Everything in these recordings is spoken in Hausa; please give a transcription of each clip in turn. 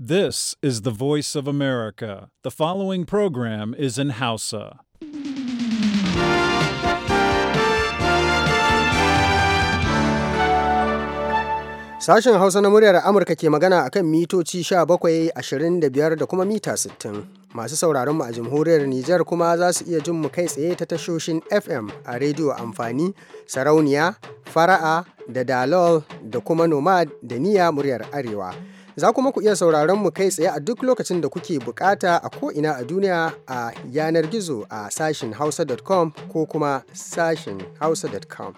This is the voice of America. The following program is in Hausa. Sashen Hausa na muryar Amurka ke magana a kan mitoci 17, 25 da kuma mita 60. masu sauraron mu a jamhuriyar Nijar kuma za su iya jin mu kai tsaye ta tashoshin FM a rediyo amfani, sarauniya, fara'a da dalol da kuma nomad da niya muryar arewa. Za kuma ku iya sauraron mu kai tsaye a duk lokacin da kuke bukata a ko'ina a duniya a yanar gizo a sashin hausa.com ko kuma sashin hausa.com.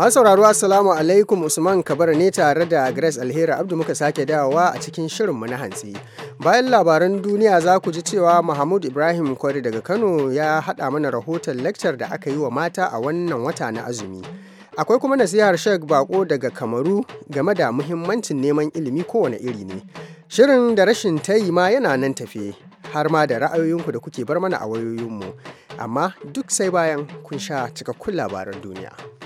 Masu sauraro Assalamu alaikum Usman Kabar ne tare da Grace Alheri Abdu muka sake dawowa a cikin shirinmu na hantsi. Bayan labaran duniya za ku ji cewa Mahmud Ibrahim Kwari daga Kano ya haɗa mana rahoton lecture da aka yi wa mata a wannan wata na azumi. Akwai kuma nasihar Sheikh Bako daga Kamaru game da muhimmancin neman ilimi kowane iri ne. Shirin da rashin tayi ma yana nan tafe, har ma da ra'ayoyinku da kuke bar mana a wayoyinmu. Amma duk sai bayan kun sha cikakkun labaran duniya.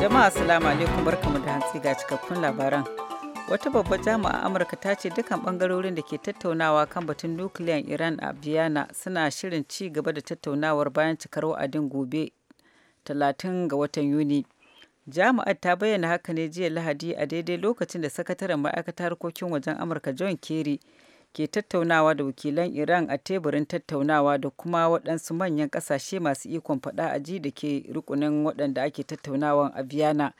Jama'a salamu alaikum barkamu da hantsi ga cikakkun labaran. Wata babbar jami'a Amurka ta ce dukkan bangarorin da ke tattaunawa kan batun nukiliyan Iran a Biyana suna shirin ci gaba da tattaunawar bayan cikar wa'adin gobe 30 ga watan Yuni. Jami'ar ta bayyana haka ne jiya Lahadi a daidai lokacin da sakataren ma'aikatar harkokin wajen Amurka John Kerry ke tattaunawa da wakilan Iran a teburin tattaunawa da kuma waɗansu manyan ƙasashe masu ikon faɗa a ji da ke rukunin waɗanda ake tattaunawa a Vienna.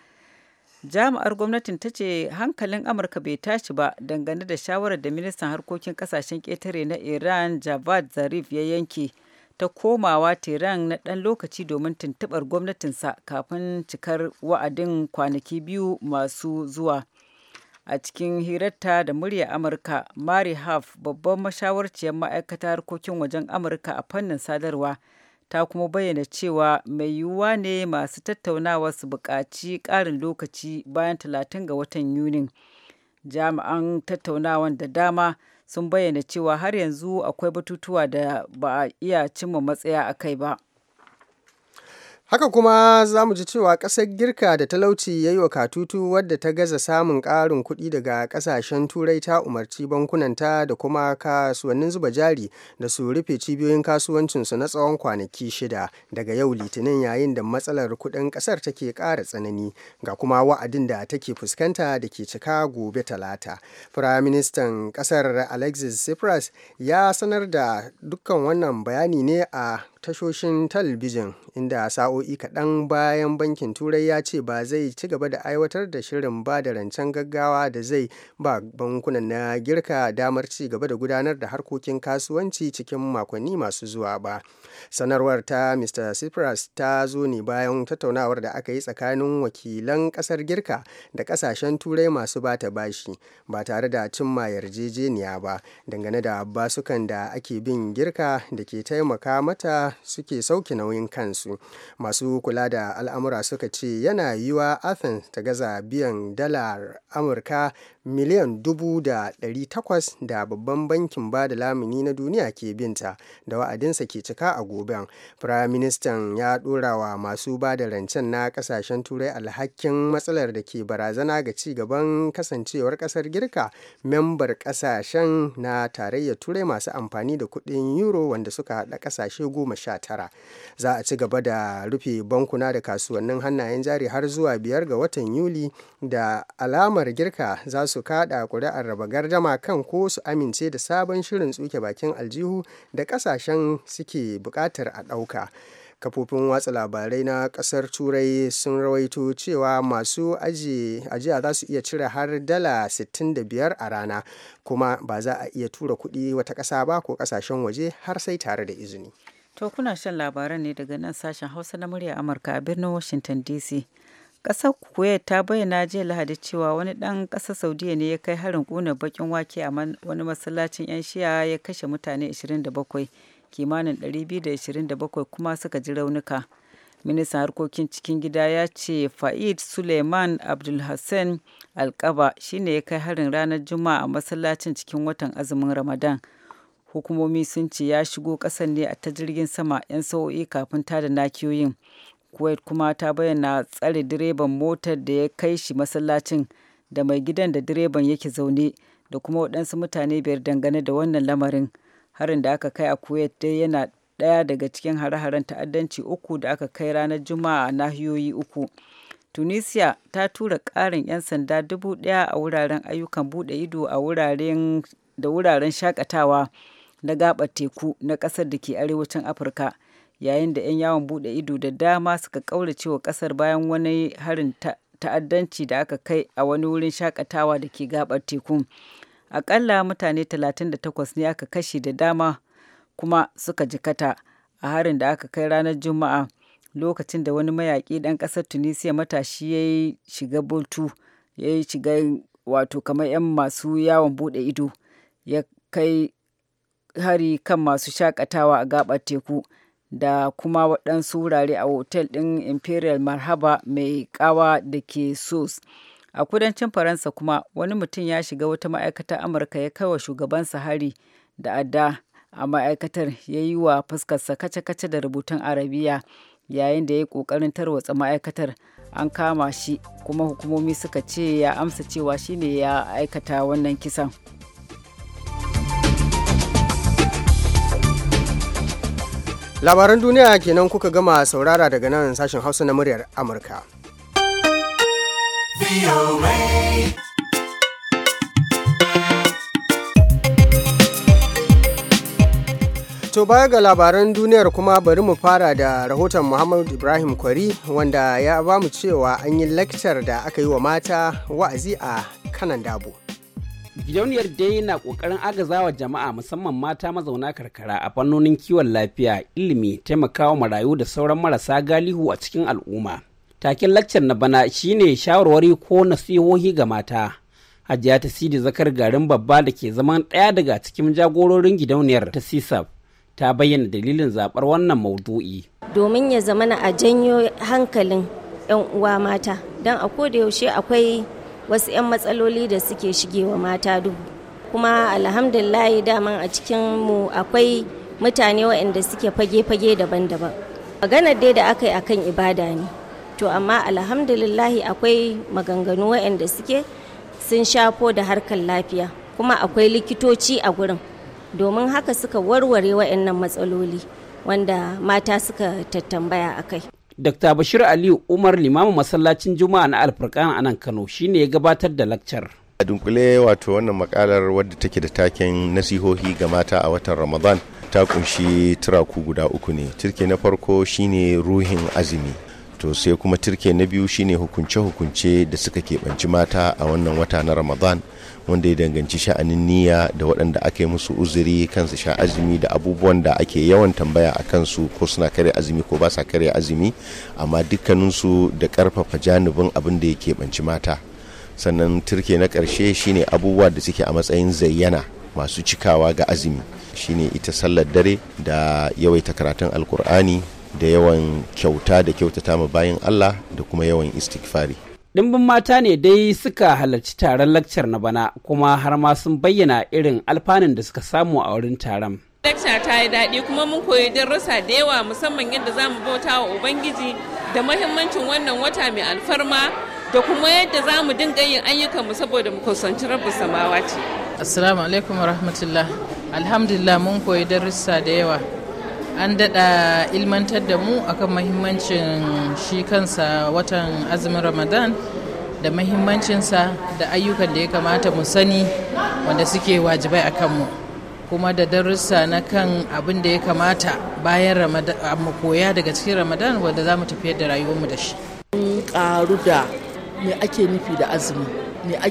Jami'ar gwamnatin ta ce hankalin Amurka bai tashi ba dangane da shawarar da ministan harkokin ƙasashen ƙetare na Iran Javad Zarif ya yanke. ta komawa Tehran na ɗan lokaci domin tuntuɓar gwamnatinsa kafin cikar wa'adin kwanaki biyu masu zuwa. a cikin hirarta da murya amurka mari haf babban mashawarciyar ma'aikatar harkokin wajen amurka a fannin sadarwa ta kuma bayyana cewa mai yiwuwa ne masu tattaunawa su buƙaci ƙarin lokaci bayan talatin ga watan yunin jami'an tattaunawan da dama sun bayyana cewa har yanzu akwai batutuwa da ba a iya cimma matsaya a kai ba Haka kuma za mu ji cewa ƙasar Girka da talauci ya yi wa katutu wadda ta gaza samun ƙarin kuɗi daga ƙasashen Turai ta umarci bankunanta da kuma kasuwannin zuba jari da su rufe cibiyoyin kasuwancinsu na tsawon kwanaki shida daga yau Litinin yayin da matsalar kuɗin ƙasar take ƙara tsanani ga kuma wa'adin da take fuskanta da ke cika gobe Talata. Firaministan ƙasar Alexis Tsipras ya sanar da dukkan wannan bayani ne a tashoshin talabijin inda sa'o'i kaɗan bayan bankin turai ya ce ba zai ci gaba da aiwatar da shirin ba da rancen gaggawa da zai ba bankunan na girka damar ci gaba da gudanar da harkokin kasuwanci cikin makonni masu zuwa ba sanarwar ta mr cyprus ta zo ne bayan tattaunawar da aka yi tsakanin wakilan ƙasar girka da ƙasashen turai masu bata bashi ba tare da cimma yarjejeniya ba dangane da basukan da ake bin girka da ke taimaka mata suke sauke nauyin kansu masu kula da al'amura suka ce yana yiwa athens ta gaza biyan dalar amurka miliyan dubu da ɗari takwas da babban bankin ba da lamuni na duniya ke binta da wa'adinsa ke cika a goben prime minister ya ɗora wa masu ba da rancen na ƙasashen turai alhakin matsalar da ke barazana ga ci gaban kasancewar ƙasar girka membar ƙasashen na tarayyar turai masu amfani da kuɗin euro wanda suka haɗa ƙasashe goma sha tara za a ci gaba da rufe bankuna da kasuwannin hannayen jari har zuwa biyar ga watan yuli da alamar girka za su su kada kuri'ar raba gardama kan ko su amince da sabon shirin tsuke bakin aljihu da kasashen suke bukatar a ɗauka. kafofin watsa labarai na kasar turai sun rawaito cewa masu ajiya za su iya cire har dala 65 a rana kuma ba za a iya tura kuɗi wata ƙasa ba ko ƙasashen waje har sai tare da izini to kuna shan labaran ne daga nan sashen hausa na murya amurka a birnin washington dc Ƙasar Kuwait ta bayyana jiya Lahadi cewa wani ɗan ƙasar Saudiya ne ya kai harin ƙunar bakin wake a wani masallacin 'yan Shi'a ya kashe mutane 27, kimanin 227 kuma suka ji raunuka. Ministan harkokin cikin gida ya ce Fa'id Suleiman Abdulhassan Alkaba shine ya kai harin ranar Juma'a a masallacin cikin watan azumin Ramadan. Hukumomi sun ce ya shigo ƙasar ne ta jirgin sama 'yan sa'o'i kafin tada nakiyoyin. kuwait kuma ta bayyana tsare direban motar da ya kai shi masallacin da mai gidan da direban yake zaune da kuma waɗansu mutane biyar dangane da wannan lamarin harin da aka kai a kuwait dai yana ɗaya daga cikin hare-haren ta'addanci uku da aka kai ranar juma'a a nahiyoyi uku tunisia ta tura ƙarin 'yan sanda dubu ɗaya a wuraren ayyukan buɗe ido a wuraren da wuraren shakatawa na gaɓar teku na ƙasar da ke arewacin afirka yayin da 'yan yawon bude ido da dama suka ƙaurace wa kasar bayan wani harin ta'addanci da aka kai a wani wurin shakatawa da ke gabar tekun akalla mutane 38 ne aka kashe da dama kuma suka jikata a harin da aka kai ranar juma'a lokacin da wani mayaki ɗan ƙasar tunisia matashi ya yi shiga bultu ya yi shiga wato kamar 'yan masu yawon bude ido ya kai hari kan masu shakatawa a gabar teku da kuma waɗansu wurare a otel ɗin imperial marhaba mai ƙawa da ke sos a kudancin faransa kuma wani mutum ya shiga wata ma'aikatar amurka ya kai wa shugabansa hari da adda a ma'aikatar ya yi wa fuskarsa kace-kace da rubutun arabiya yayin da ya yi ƙoƙarin tarwatsa ma'aikatar an kama shi kuma hukumomi suka ce ya amsa cewa shine ya aikata wannan kisan. labaran duniya kenan kuka gama saurara daga nan sashen hausa na muryar amurka To baya ga labaran duniyar kuma bari mu fara da rahoton Muhammad Ibrahim Kwari wanda ya bamu cewa an yi lakcar da aka yi wa mata wa'azi a kanan dabo. gidauniyar dai na kokarin agazawa jama'a musamman mata mazauna karkara a fannonin kiwon lafiya ilimi taimakawa marayu da sauran marasa galihu a cikin al'umma takin laccar na bana shine shawarwari ko nasihohi ga mata hajiya ta sidi zakar garin babba da ke zaman ɗaya daga cikin jagororin gidauniyar ta sisaf ta bayyana dalilin zaɓar wannan maudu'i domin ya zamana a janyo hankalin 'yan uwa mata don a yaushe akwai wasu 'yan matsaloli da suke shige wa mata dubu kuma alhamdulillahi dama a cikin mu akwai mutane waɗanda suke fage-fage daban-daban maganar dai da aka yi a kan ibada ne to amma alhamdulillahi akwai maganganu waɗanda suke sun shafo da harkar lafiya kuma akwai likitoci a gurin domin haka suka warware waɗannan matsaloli wanda mata suka tattambaya a kai Dr. Bashir Aliyu Umar limamin masallacin Juma'a na Alfurkan a nan Kano shine ya gabatar da lakcar. A dunkule wato wannan makalar wadda take da taken nasihohi ga mata a watan Ramadan ta kunshi turaku guda uku ne. Turke na farko shine ruhin azumi. To sai kuma turke na biyu shine hukunce-hukunce da suka keɓanci mata a wannan wata na Ramadan. wanda ya danganci sha'anin niyya da waɗanda aka yi musu uzuri kansu sha azumi da abubuwan da ake yawan tambaya a kansu ko suna karya azumi ko ba sa karya azumi amma dukkaninsu da ƙarfafa janibin abin da ya banci mata sannan turke na ƙarshe shine abubuwa da suke a matsayin zayyana masu cikawa ga azumi shine ita sallar dare da yawaita karatun alkur'ani da yawan kyauta da kyautata ma bayan allah da kuma yawan istighfari Dimbin mata ne dai suka halarci taron lakcar na bana kuma har ma sun bayyana irin alfanun da suka samu a wurin taron. Lakca ta yi daɗi kuma mun koyi darussa da yawa musamman yadda za mu bauta wa Ubangiji da mahimmancin wannan wata mai alfarma da kuma yadda za mu dinga yin ayyukan mu saboda mu kusanci rabu samawa ce. Assalamu alaikum wa rahmatullah. Alhamdulillah mun koyi darussa da yawa. an daɗa ilmantar da mu akan mahimmancin shi kansa watan azumin ramadan da mahimmancinsa da ayyukan da ya kamata mu sani wanda suke wajibai a kanmu kuma da darussa na kan abin da ya kamata bayan mu koya daga cikin ramadan wanda za mu tafiyar da rayuwarmu da shi ƙaru da me ake nufi da azumi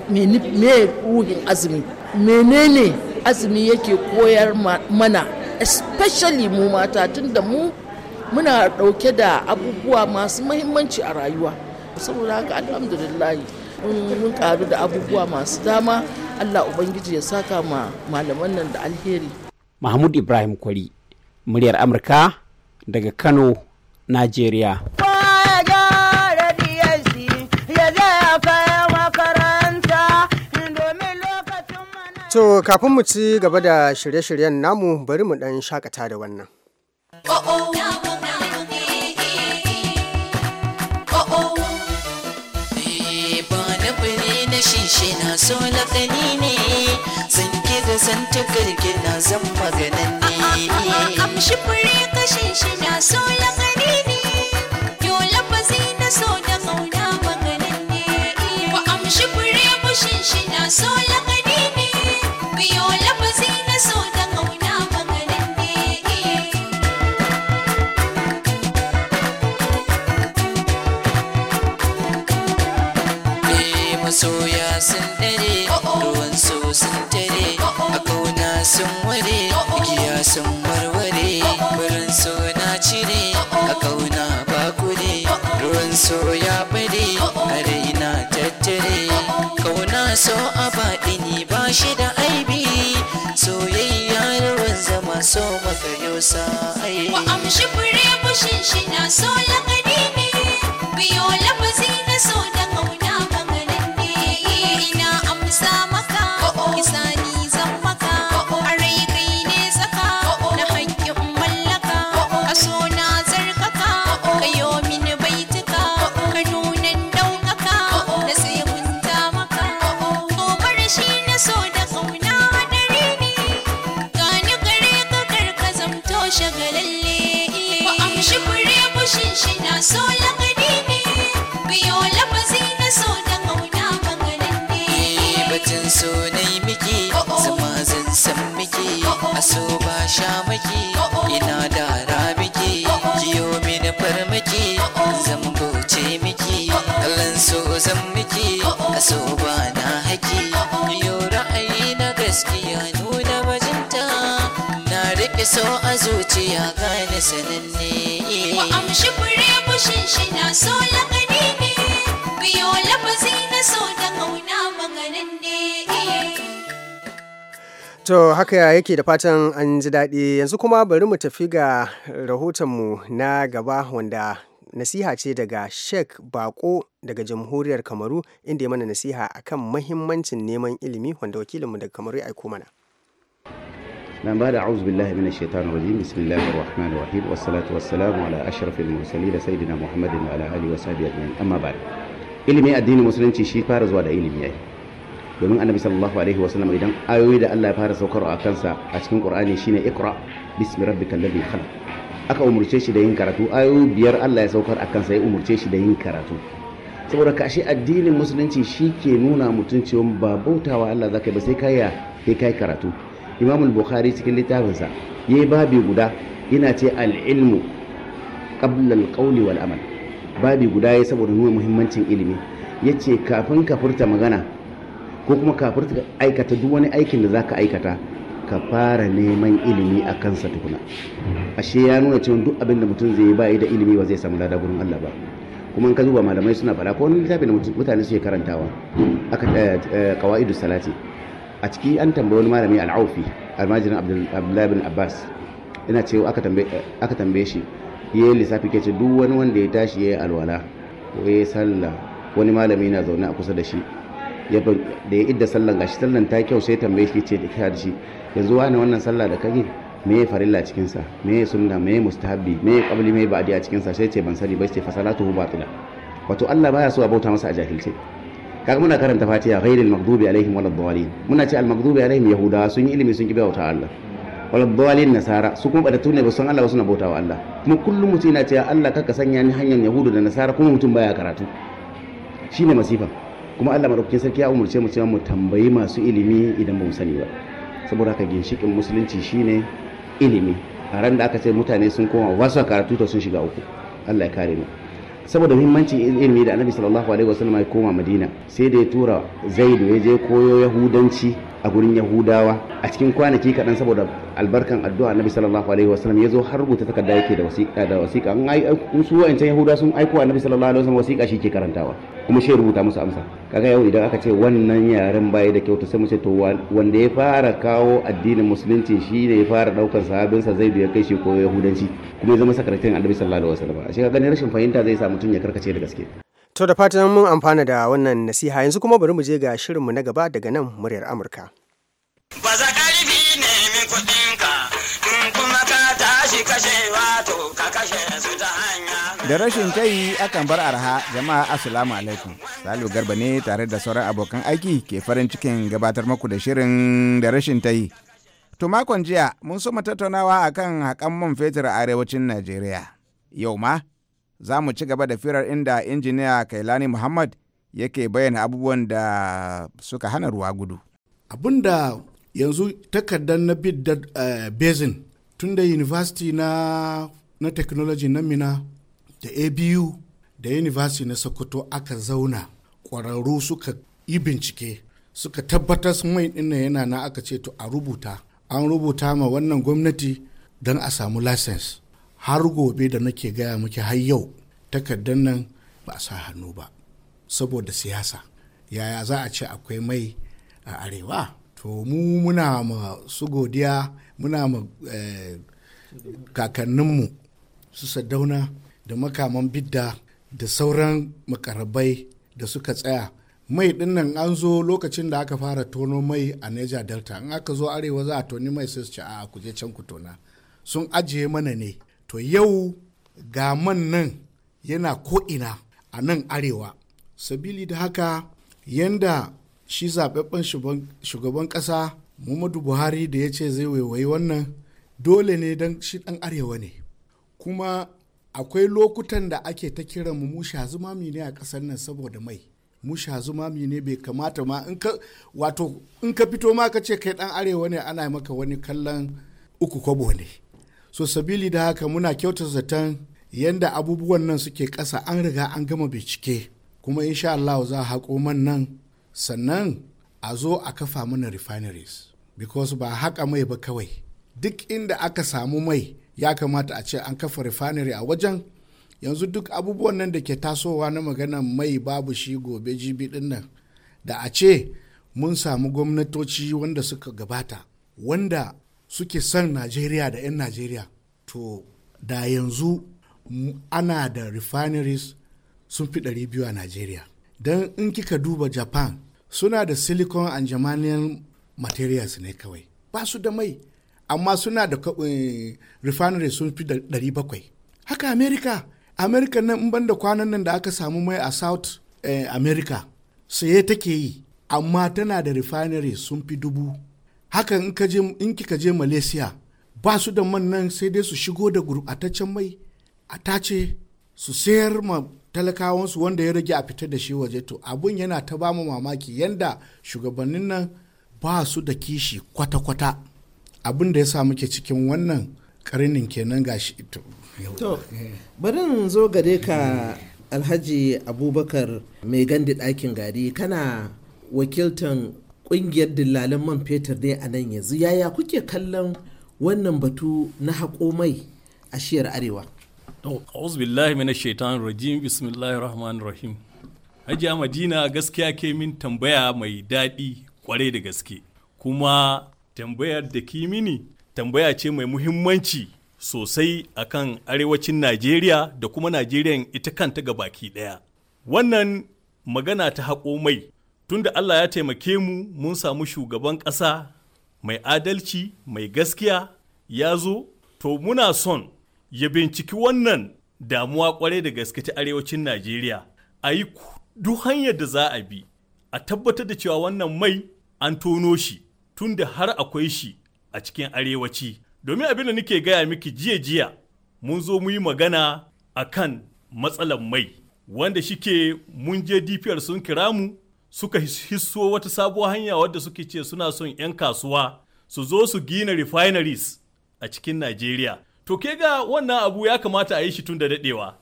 me ne azumi menene azumi yake koyar mana especially mu mata tunda mu muna ɗauke da abubuwa masu mahimmanci a rayuwa saboda haka alhamdulillah mun karu da abubuwa masu dama allah ubangiji ya saka ma malaman nan da alheri mahmud ibrahim kwari muryar amurka daga kano nigeria To kafin mu ci gaba da shirye-shiryen namu bari mu ɗan shakata da wannan. Oh, oh, yeah, shi na so lakani ne zan da zan ta na zan maganan ne kamshi fure kashin shi na so lakani ne yo lafazi na so na sun dare ruwan so sun tare a kauna sun ware igiya sun warware wurin so na cire a kauna ba ruwan so ya bare a raina tattare kauna so a baɗini ba shi da aibi soyayya ruwan zama so maka yosa ai wa amshi fure fushin shi na so ya gani ne biyo lafazi na so da kauna To haka yake da fatan an ji daɗi yanzu kuma bari mu tafi ga rahotonmu na gaba wanda nasiha ce daga Sheikh Bako daga Jamhuriyar Kamaru inda ya mana nasiha akan mahimmancin neman ilimi wanda wakilinmu daga Kamaru ya aiko mana. نعم بعد أعوذ بالله من الشيطان الرجيم بسم الله الرحمن الرحيم والصلاة والسلام على أشرف المرسلين سيدنا محمد وعلى آله وصحبه أجمعين أما بعد ilimi addinin musulunci shi fara zuwa da ilimi yayi domin annabi sallallahu alaihi wasallam idan ayoyi da Allah ya fara saukarwa a kansa a cikin qur'ani shine ikra bismi rabbikal ladhi khalaq aka umurce shi da yin karatu ayoyi biyar Allah ya saukar a kansa ya umurce shi da yin karatu saboda ka addinin musulunci shi ke nuna mutum cewa ba bautawa Allah zaka ba sai kai sai kai karatu imam al-bukhari cikin littafinsa yayi babi guda yana ce al-ilmu qabla al-qawli wal amal babi guda ya saboda nuna muhimmancin ilimi ya ce kafin ka furta magana ko kuma kafin ka aikata duk wani aikin da zaka aikata ka fara neman ilimi a kansa tukuna ashe ya nuna cewa duk abin da mutum zai yi ba da ilimi ba zai samu lada gurin Allah ba kuma in ka zuba malamai suna fara ko wani littafi da mutane suke karantawa aka eh, eh, qawaidu salati a ciki an tambaye wani malami al'aufi almajirin abdullahi bin abbas ina cewa aka tambaye shi yi lissafi ke ce duk wani wanda ya tashi ya yi alwala ko yi sallah wani malami na zaune a kusa da shi da ya idda sallan gashi sallan ta kyau sai tambaye shi ce da kyar shi yanzu wani wannan sallah da kai me ya farilla cikin sa me ya sunna me ya mustahabbi me ya qabli me ya ba'di a cikin sa sai ce ban sani ba sai fa salatuhu batila wato Allah baya so a bauta masa a jahilce kaga muna karanta fatiha ghairil maghdubi alaihim waladdallin muna ce al maghdubi alaihim yahudawa sun yi ilimi sun ki bauta Allah waladdallin nasara su kuma badatu ne ba san Allah ba suna bauta wa Allah kuma kullum mutum yana cewa Allah kaka sanya ni hanyar yahudu da nasara kuma mutum baya karatu shine masifa kuma Allah madaukakin sarki ya umarce mu cewa mu tambayi masu ilimi idan ba mu sani ba saboda haka ginshikin musulunci shine ilimi a ran da aka ce mutane sun koma wasu karatu to sun shiga uku Allah ya kare mu saboda muhimmanci ilimi da Annabi sallallahu alaihi wasallam ya koma Madina sai da ya tura Zaid ya je koyo Yahudanci a gurin yahudawa a cikin kwanaki kaɗan saboda albarkan addu'a annabi sallallahu alaihi wasallam ya zo har rubuta takarda yake da wasiƙa da wasiƙa in su wa'ancan yahuda sun aiko annabi sallallahu alaihi wasallam wasiƙa shi ke karantawa kuma shi rubuta musu amsa kaga yau idan aka ce wannan yaren baya da kyauta sai mu ce to wanda ya fara kawo addinin musulunci shi ne ya fara ɗaukar sahabinsa zai biya kai shi ko yahudanci kuma ya zama sakaratin annabi sallallahu alaihi wasallam a shi kaga rashin fahimta zai sa mutum ya karkace da gaske To da fatan mun amfana da wannan nasiha yanzu kuma bari mu je ga shirinmu na gaba daga nan muryar Amurka. Ba ta hanya. Da rashin tayi akan bar arha jama'a assalamu alaikum. Salu Garba ne tare da sauran abokan aiki ke farin cikin gabatar muku da shirin da rashin tayi. To makon jiya mun so mu tattaunawa akan haƙan man fetur a arewacin Najeriya. Yau ma za mu ci gaba da firar inda injiniya kailani muhammad yake bayyana abubuwan da suka hana ruwa gudu abin da yanzu takardar na bid da uh, basin tun da university na, na technology na mina da abu da university na sokoto aka zauna ƙwararru suka yi bincike suka tabbatar mai ɗinnan yana na aka ce to a rubuta an rubuta ma wannan gwamnati don a samu license har gobe da nake gaya muke har yau takardar nan ba a sa hannu ba saboda siyasa yaya za a ce akwai mai a arewa to mu muna ma su godiya muna ma eh, kakanninmu su sadauna da makaman bidda da sauran makarabai da suka tsaya mai dinnan an zo lokacin da aka fara tono mai a niger delta in aka zo arewa za a toni mai sai su ce a kuje can ku tona sun ajiye mana ne to yau ga man nan yana ko'ina a nan arewa sabili da haka yanda shi zaɓaɓɓen shugaban ƙasa muhammadu buhari da ya ce zai waiwayi wannan dole ne don shi ɗan arewa ne kuma akwai lokutan da ake ta kiran mu musha zumami ne a ƙasar nan saboda mai musha zumami ne bai kamata ma wato in ka fito ma ka ce kai ɗan arewa ne ana maka wani kallon uku kwabo ne so sabili da haka muna kyautar zaton yanda abubuwan nan suke ƙasa an riga an gama bincike kuma insha Allah za a haƙo man nan sannan a zo a kafa mana refineries because ba haƙa mai ba kawai duk inda aka samu mai ya kamata a ce an kafa refinery a wajen yanzu duk abubuwan nan da ke tasowa na magana mai babu shi gobe jibi din nan da a ce mun samu gwamnatoci wanda suka gabata wanda suke son najeriya da 'yan najeriya to da yanzu ana da refineries sun fi 200 a najeriya don in kika duba japan suna da silicon and germanium materials ne kawai ba su da mai amma suna da eh, refineries sun fi 700 haka Amerika. Amerika nan in banda kwanan nan da aka samu mai a south eh, america saye take yi amma tana da refineries sun fi dubu haka in kika je malaysia ba su da man nan sai dai su shigo da gurbataccen mai a tace su sayar ma talakawansu wanda ya rage a fitar da shi waje to abun yana ta mu mamaki yanda shugabannin nan ba su da kishi kwata-kwata abin da ya sa muke cikin wannan karinin kenan gashi to bari zo gare ka alhaji abubakar mai gandi ɗakin gari kana wakiltan kungiyar dillalan man fetur ne a nan yanzu yaya kuke kallon wannan batu na haƙo mai a shiyar arewa a'udhu billahi minash rajim bismillahir rahman rahim hajiya madina gaskiya ke min tambaya mai daɗi kwarai da gaske kuma tambayar da kimini tambaya ce mai muhimmanci sosai a kan arewacin najeriya da kuma najeriya ita kanta ga baki ɗaya wannan magana ta haƙo mai tunda Allah ya taimake mu mun samu shugaban ƙasa mai adalci mai gaskiya ya zo to muna son ya binciki wannan damuwa kwarai da gaske ta arewacin Najeriya a yi duk hanyar da za a bi a tabbatar da cewa wannan mai an tono shi tunda har akwai shi a cikin arewaci domin abin da nake gaya miki jiya jiya mun zo mu yi magana a kan matsalar mai wanda shike mun je dpr sun kira mu suka hisso wata sabuwar hanya wadda suke ce suna son 'yan kasuwa su zo su gina refineries a cikin Najeriya. To ke ga wannan abu ya kamata a yi shi tun da daɗewa.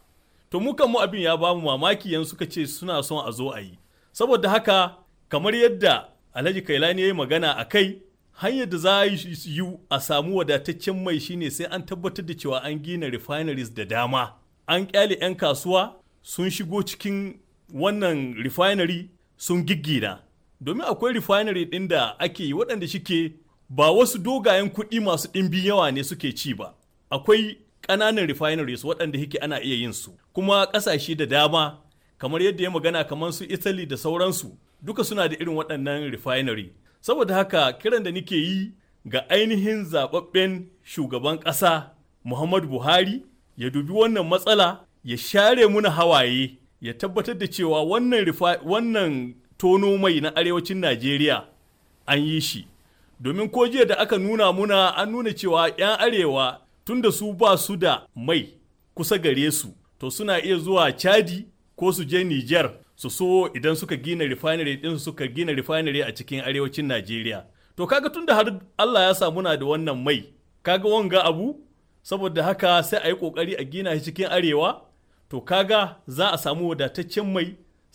To mu mu abin ya bamu mamaki yan suka ce suna son a zo a yi. Saboda haka kamar yadda Alhaji Kailani ya yi magana a kai hanyar da za a yi a samu wadataccen mai shine sai an tabbatar da cewa an gina refineries da dama. An kyale 'yan kasuwa sun shigo cikin wannan refinery sun giggira domin akwai refinery ɗin da ake yi waɗanda shike ba wasu dogayen kuɗi masu ɗimbin yawa ne suke ci ba akwai ƙananan refineries waɗanda hike ana iya yin su kuma ƙasashe da dama kamar yadda ya magana kamar su italy da sauransu duka suna da irin waɗannan refinery saboda haka kiran da nike yi ga ainihin zababben shugaban ƙasa muhammadu buhari ya dubi wannan matsala ya share muna hawaye ya tabbatar da cewa wannan wannan tono mai na arewacin najeriya an yi shi domin ko jiya da aka nuna muna an nuna cewa 'yan arewa tunda su ba su da mai kusa gare su to suna iya zuwa chadi ko su je niger su so idan suka gina refinery din suka gina refinery a cikin arewacin najeriya to kaga tunda har allah ya samu na da wannan mai kaga wanga abu saboda haka sai a yi kokari a gina shi cikin arewa to kaga za a samu wadataccen mai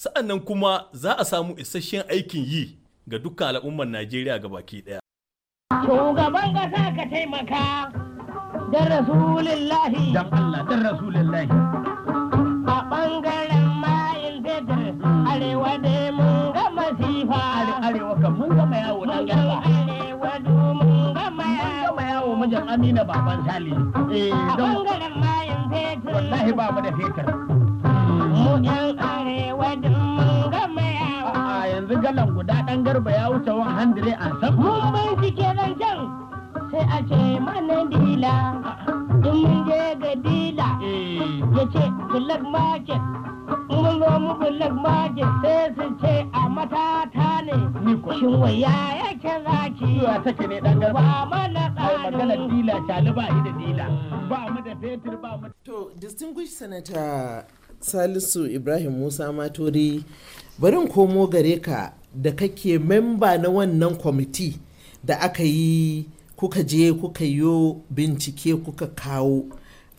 sa'an nan kuma za a samu isasshen aikin yi ga dukkan al'ummar najeriya ga baki ɗaya? shugaban kasa ka taimaka da rasulillahi Don allah dan rasulillahi a ɓangaren mayin fetur arewa ne mun ga masifa arewa kan mun ga mayawo dan garba arewa mun ga mayawo mun ga mayawo mijin amina baban sali eh a bangaren wallahi ba mu da fetur mun gama a yanzu galan guda dan garba ya wuce 100 an san mun bincike nan can sai a ce mana dila in mun je ga dila eh. ya ce bulag market mun zo mu bulag market sai su ce a matata ne shin waya yake zaki zuwa take ne dan gaba ba mana tsari dila taliba yi da dila ba mu da fetur ba mu to distinguished senator salisu ibrahim musa matori barin komo gare ka da kake memba na wannan kwamiti da aka yi kuka je kuka yo bincike kuka kawo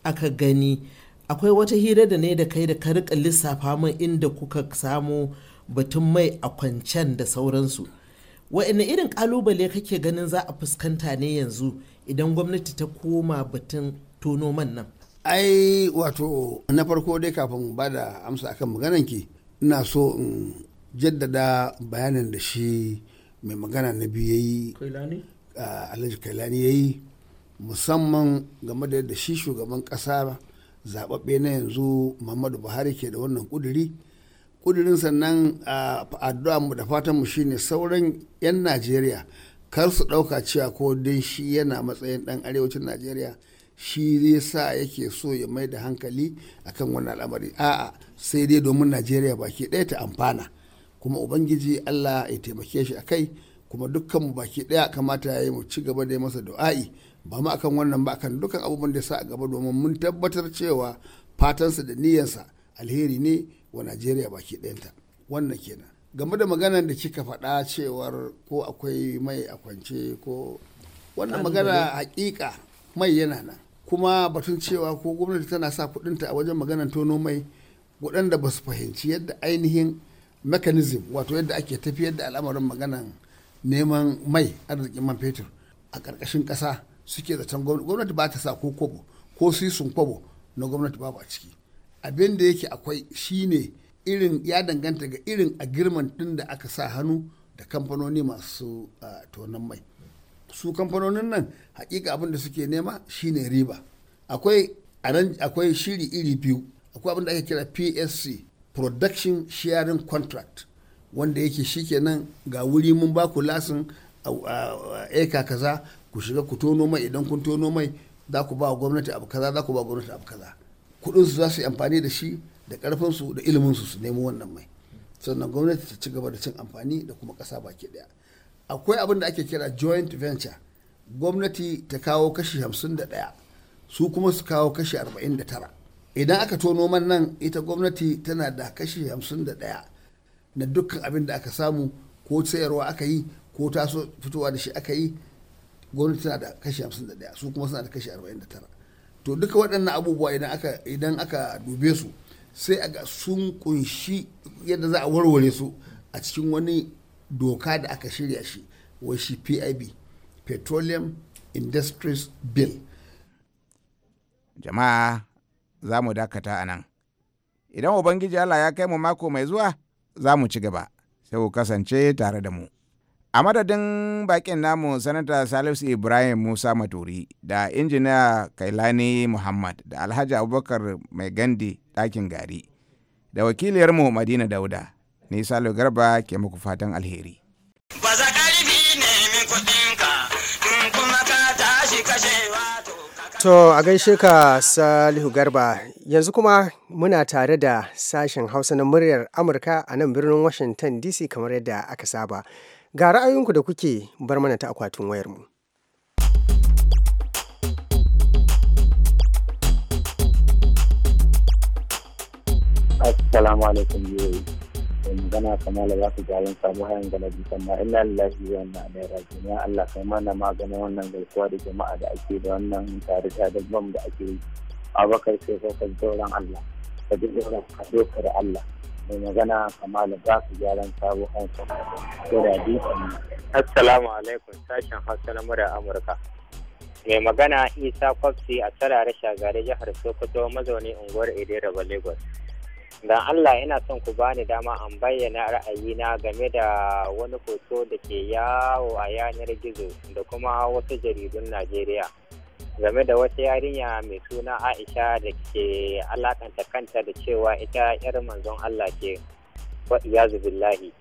aka gani akwai wata hira da ne da kai da ka rika lissafa min inda kuka samu batun mai a kwancen da sauransu wa'ina irin kalubale kake ganin za a fuskanta ne yanzu idan gwamnati ta koma batun tono man nan ai wato na farko dai kafin ba da amsa akan maganan ki ina so in jaddada bayanin da shi mai magana na biyayi. alhaji kailani ya yi musamman game da yadda shi shugaban kasa zaɓaɓɓe na yanzu muhammadu buhari ke da wannan ƙuduri ƙudurin sannan a addu'a mu da fatan mu shine sauran 'yan najeriya kar su ɗauka cewa ko don shi yana matsayin ɗan arewacin najeriya shi zai sa yake so ya mai da hankali akan wani al'amari a'a sai dai domin najeriya baki ɗaya ta amfana kuma ubangiji allah ya taimake shi a kai kuma dukkan mu baki daya kamata yayi mu ci gaba da masa du'a'i ba ma akan wannan ba akan dukkan abubuwan da sa a gaba domin mun tabbatar cewa fatansa da niyyarsa alheri ne wa Najeriya baki ɗayanta wannan kenan game da maganar da kika faɗa cewar ko akwai mai a kwance ko wannan magana hakika mai yana nan kuma batun cewa ko gwamnati tana sa kudinta a wajen maganar tono mai waɗanda ba su fahimci yadda ainihin mechanism wato yadda ake tafiyar da al'amarin maganar neman mai arzikin man fetur a ƙarƙashin ƙasa suke zaton gwamnati gwamnati ba ta sa ko kobo ko sisun kobo na gwamnati babu a ciki abin da yake akwai shine irin ya danganta ga irin a girman din da aka sa hannu da kamfanoni masu tonon mai su kamfanonin nan hakika abin da suke nema shine riba akwai akwai shiri iri biyu akwai abin da ake kira psc production sharing contract wanda yake shikenan ga wuri mun ba ku lasin eka kaza ku shiga ku tono mai idan kun tono mai za ku ba gwamnati abu kaza za ku ba gwamnati abu kaza kudin su za su yi amfani da shi da karfin su da ilimin su su nemo wannan mai sannan gwamnati ta ci gaba da cin amfani da kuma kasa baki daya akwai abin da ake kira joint venture gwamnati ta kawo kashi 51 su kuma su kawo kashi 49 idan aka tono man nan ita gwamnati tana da kashi 51 na dukkan abin da aka samu ko sayarwa aka yi ko taso fitowa da shi aka yi gwamnati tana da kashi 51 su kuma suna da kashi 49 to duka waɗannan abubuwa idan aka idan aka dube su sai a ga sun kunshi yadda za a warware su a cikin wani doka da aka shirya shi wai shi PIB Petroleum Industries Bill jama'a za mu dakata a nan idan ubangiji Allah ya kai mu mako mai zuwa za mu ci gaba sai ku kasance tare da mu a madadin bakin namu sanata salisu ibrahim musa maturi da injiniya kailani muhammad da alhaji abubakar mai gandi ɗakin gari da wakiliyarmu madina dauda ni salo garba ke muku fatan alheri ba za ne kuɗinka kuma ka tashi kashewa To a gaishe ka Salihu Garba yanzu kuma muna tare da sashen Hausa na muryar Amurka a nan birnin Washington DC kamar yadda aka saba. Ga ra'ayinku da kuke bar mana ta akwatin wayarmu. Assalamu alaikum mai magana kamala ku ga yin samu hayan gana bisan ma ina lillahi wa na ilaihi Allah kai mana maganin wannan garkuwa da jama'a da ake da wannan tare da bam da ake yi abakar sai ko ka dauran Allah ka ji dauran ka dokar Allah mai magana za ku ga yin samu hayan ko da bisan assalamu alaikum sashen hausa na murya amurka mai magana isa kwafsi a tsarare shagare jihar sokoto mazauni unguwar edera lagos dan Allah yana son ku bani dama an bayyana ra'ayina game da wani hoto da ke yawo a yanar gizo da kuma wasu jaridun Najeriya game da wata yarinya mai suna Aisha da ke alakanta kanta da cewa ita yar manzon Allah ke. ya zubillahi.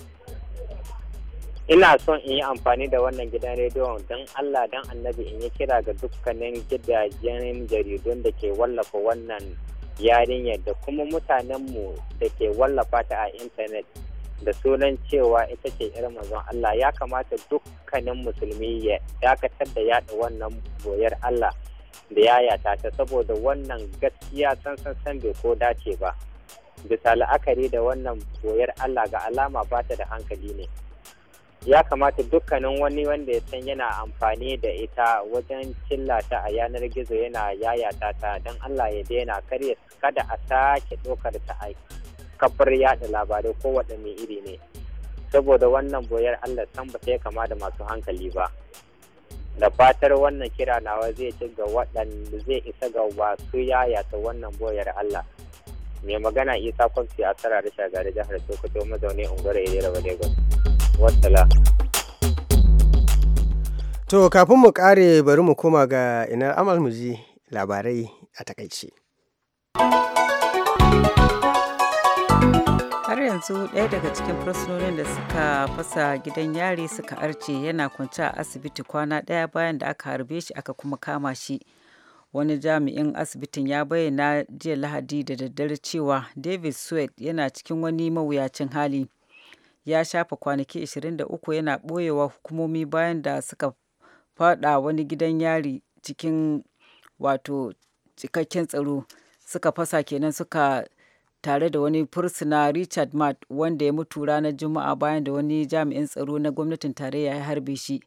ina son in yi amfani da wannan gidan rediyon don Allah don annabi in yi kira ga dukkanin gidajen jaridun da ke wallafa wannan yarinyar da kuma mutanenmu da ke wallafa ta a intanet da sunan cewa ita ce irin mazan Allah ya kamata dukkanin musulmi ya dakatar da yada wannan boyar Allah da yaya ta saboda wannan gaskiya san san san bai ko dace ba bisa la'akari da wannan boyar Allah ga alama ba ta da hankali ne. ya kamata dukkanin wani wanda ya san yana amfani da ita wajen cillata a yanar gizo yana yayata ta don Allah ya daina karya kada a sake ɗaukar ta a kafar yada labarai ko waɗanne iri ne saboda wannan boyar Allah san ba ta kama da masu hankali ba da fatar wannan kira nawa zai ci ga waɗanda zai isa ga wasu yayata wannan boyar Allah mai magana isa kwamfi a tsara da shagari jihar sokoto mazaune unguwar irira lagos to kafin mu kare bari mu koma ga ina amal mu labarai a takaice har yanzu ɗaya daga cikin fursunonin da suka fasa gidan yari suka arce yana kwanci a asibiti kwana ɗaya bayan da aka harbe shi aka kuma kama shi wani jami'in asibitin ya bayyana jiya lahadi da daddare cewa david swed yana cikin wani mawuyacin hali ya shafa kwanaki 23 yana ɓoyewa hukumomi bayan da suka fada wani gidan yari cikin wato cikakken tsaro suka fasa kenan suka tare da wani fursuna richard mart wanda ya mutu ranar juma'a bayan da wani jami'in tsaro na gwamnatin tarayya ya harbe shi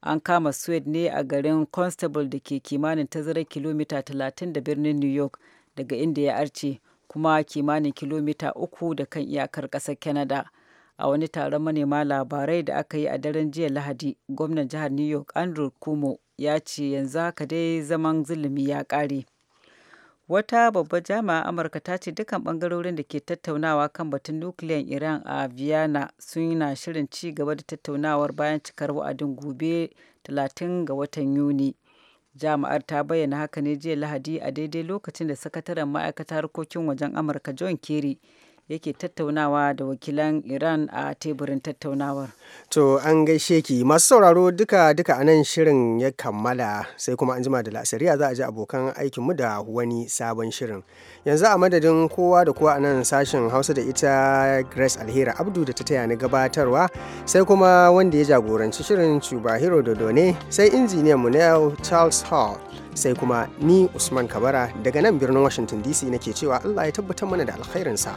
an kama swede ne a garin constable da ke kimanin tazarar kilomita 30 da birnin new york daga inda ya arce kuma kimanin kilomita uku da kan iyakar ƙasar canada a wani taron manema labarai da aka yi a daren jiya lahadi gwamnan jihar new york andrew kumo ya ce yanzu haka dai zaman zulumi ya ƙare wata babbar jami'a amurka ta ce dukkan bangarorin da ke tattaunawa kan batun nukiliyan iran a vienna sun na shirin ci gaba da tattaunawar bayan cikar wa'adin gobe 30 ga watan yuni jami'ar ta bayyana haka ne jiya lahadi a daidai lokacin da sakataren ma'aikatar harkokin wajen amurka john kerry yake tattaunawa da wakilan Iran a teburin tattaunawar. To an gaishe ki masu sauraro duka duka a nan shirin ya kammala sai kuma an jima da la'asariya za a ji abokan aikinmu da wani sabon shirin. Yanzu a madadin kowa da kowa a nan sashen Hausa da ita Grace Alheri Abdu da ta taya ni gabatarwa sai kuma wanda ya jagoranci shirin Chubahiro Dodone sai injiniyan mu na yau Charles Hall. sai kuma ni usman kabara daga nan birnin washington dc nake cewa allah ya tabbatar mana da alkhairinsa